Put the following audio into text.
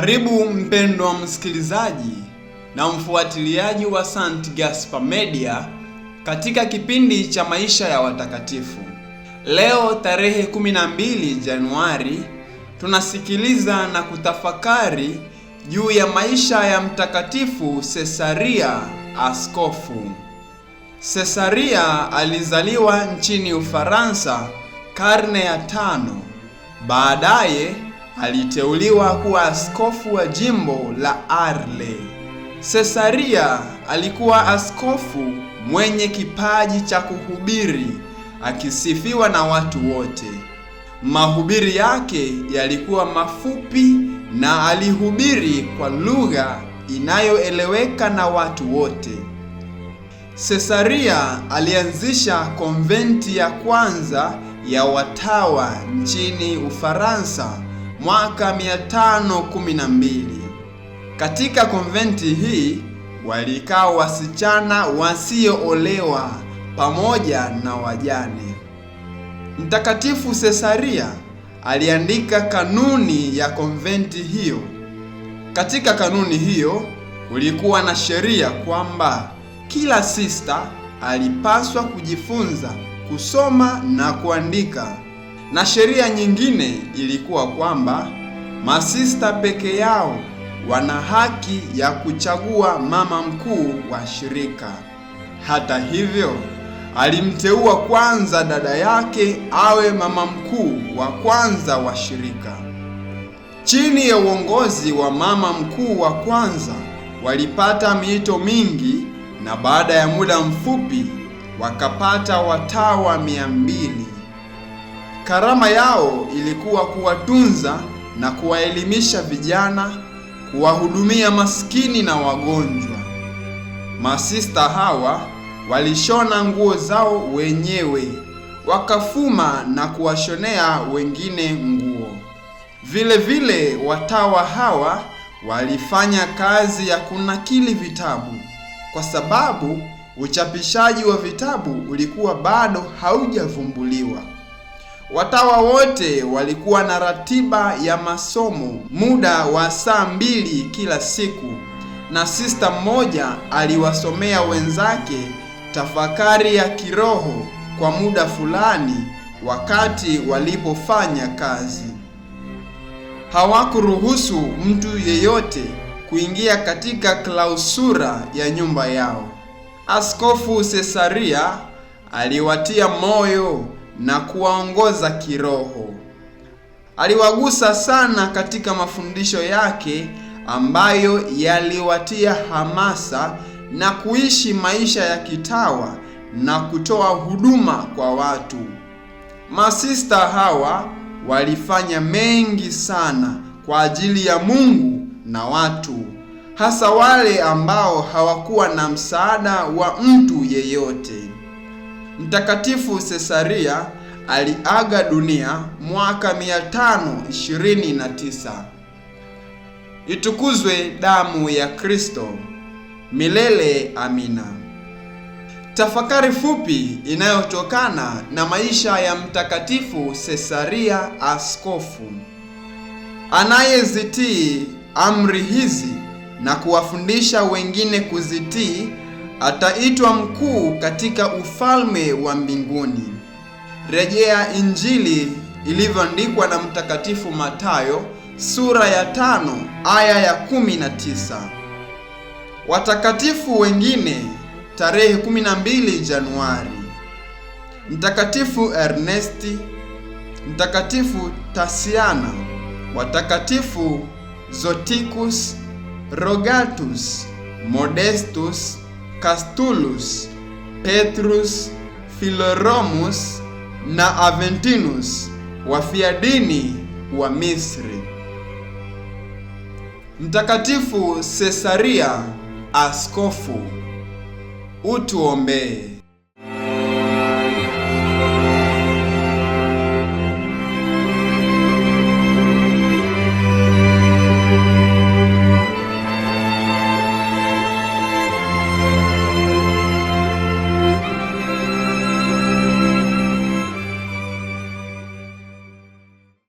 Karibu mpendwa msikilizaji na mfuatiliaji wa St. Gaspar Media katika kipindi cha maisha ya watakatifu. Leo tarehe 12 Januari tunasikiliza na kutafakari juu ya maisha ya Mtakatifu Cesaria askofu. Cesaria alizaliwa nchini Ufaransa karne ya tano. Baadaye aliteuliwa kuwa askofu wa jimbo la Arle. Cesaria alikuwa askofu mwenye kipaji cha kuhubiri, akisifiwa na watu wote. Mahubiri yake yalikuwa mafupi na alihubiri kwa lugha inayoeleweka na watu wote. Cesaria alianzisha konventi ya kwanza ya watawa nchini Ufaransa mwaka 512. Katika konventi hii walikaa wasichana wasioolewa pamoja na wajane. Mtakatifu Sesaria aliandika kanuni ya konventi hiyo. Katika kanuni hiyo kulikuwa na sheria kwamba kila sista alipaswa kujifunza kusoma na kuandika na sheria nyingine ilikuwa kwamba masista peke yao wana haki ya kuchagua mama mkuu wa shirika. Hata hivyo, alimteua kwanza dada yake awe mama mkuu wa kwanza wa shirika. Chini ya uongozi wa mama mkuu wa kwanza walipata miito mingi na baada ya muda mfupi wakapata watawa mia mbili. Karama yao ilikuwa kuwatunza na kuwaelimisha vijana, kuwahudumia maskini na wagonjwa. Masista hawa walishona nguo zao wenyewe, wakafuma na kuwashonea wengine nguo. Vile vile watawa hawa walifanya kazi ya kunakili vitabu, kwa sababu uchapishaji wa vitabu ulikuwa bado haujavumbuliwa. Watawa wote walikuwa na ratiba ya masomo muda wa saa mbili kila siku, na sista mmoja aliwasomea wenzake tafakari ya kiroho kwa muda fulani wakati walipofanya kazi. Hawakuruhusu mtu yeyote kuingia katika klausura ya nyumba yao. Askofu Cesaria aliwatia moyo na kuwaongoza kiroho. Aliwagusa sana katika mafundisho yake ambayo yaliwatia hamasa na kuishi maisha ya kitawa na kutoa huduma kwa watu. Masista hawa walifanya mengi sana kwa ajili ya Mungu na watu, hasa wale ambao hawakuwa na msaada wa mtu yeyote. Mtakatifu sesaria aliaga dunia mwaka 529. Itukuzwe damu ya Kristo! Milele amina. Tafakari fupi inayotokana na maisha ya Mtakatifu sesaria askofu anayezitii amri hizi na kuwafundisha wengine kuzitii ataitwa mkuu katika ufalme wa mbinguni. Rejea Injili ilivyoandikwa na Mtakatifu Matayo sura ya tano aya ya kumi na tisa. Watakatifu wengine tarehe 12 Januari: Mtakatifu Ernesti, Mtakatifu Tasiana, watakatifu Zotikus, Rogatus, Modestus Castulus, Petrus, Filoromus na Aventinus wafia dini wa Misri. Mtakatifu Sesaria, askofu, utuombee.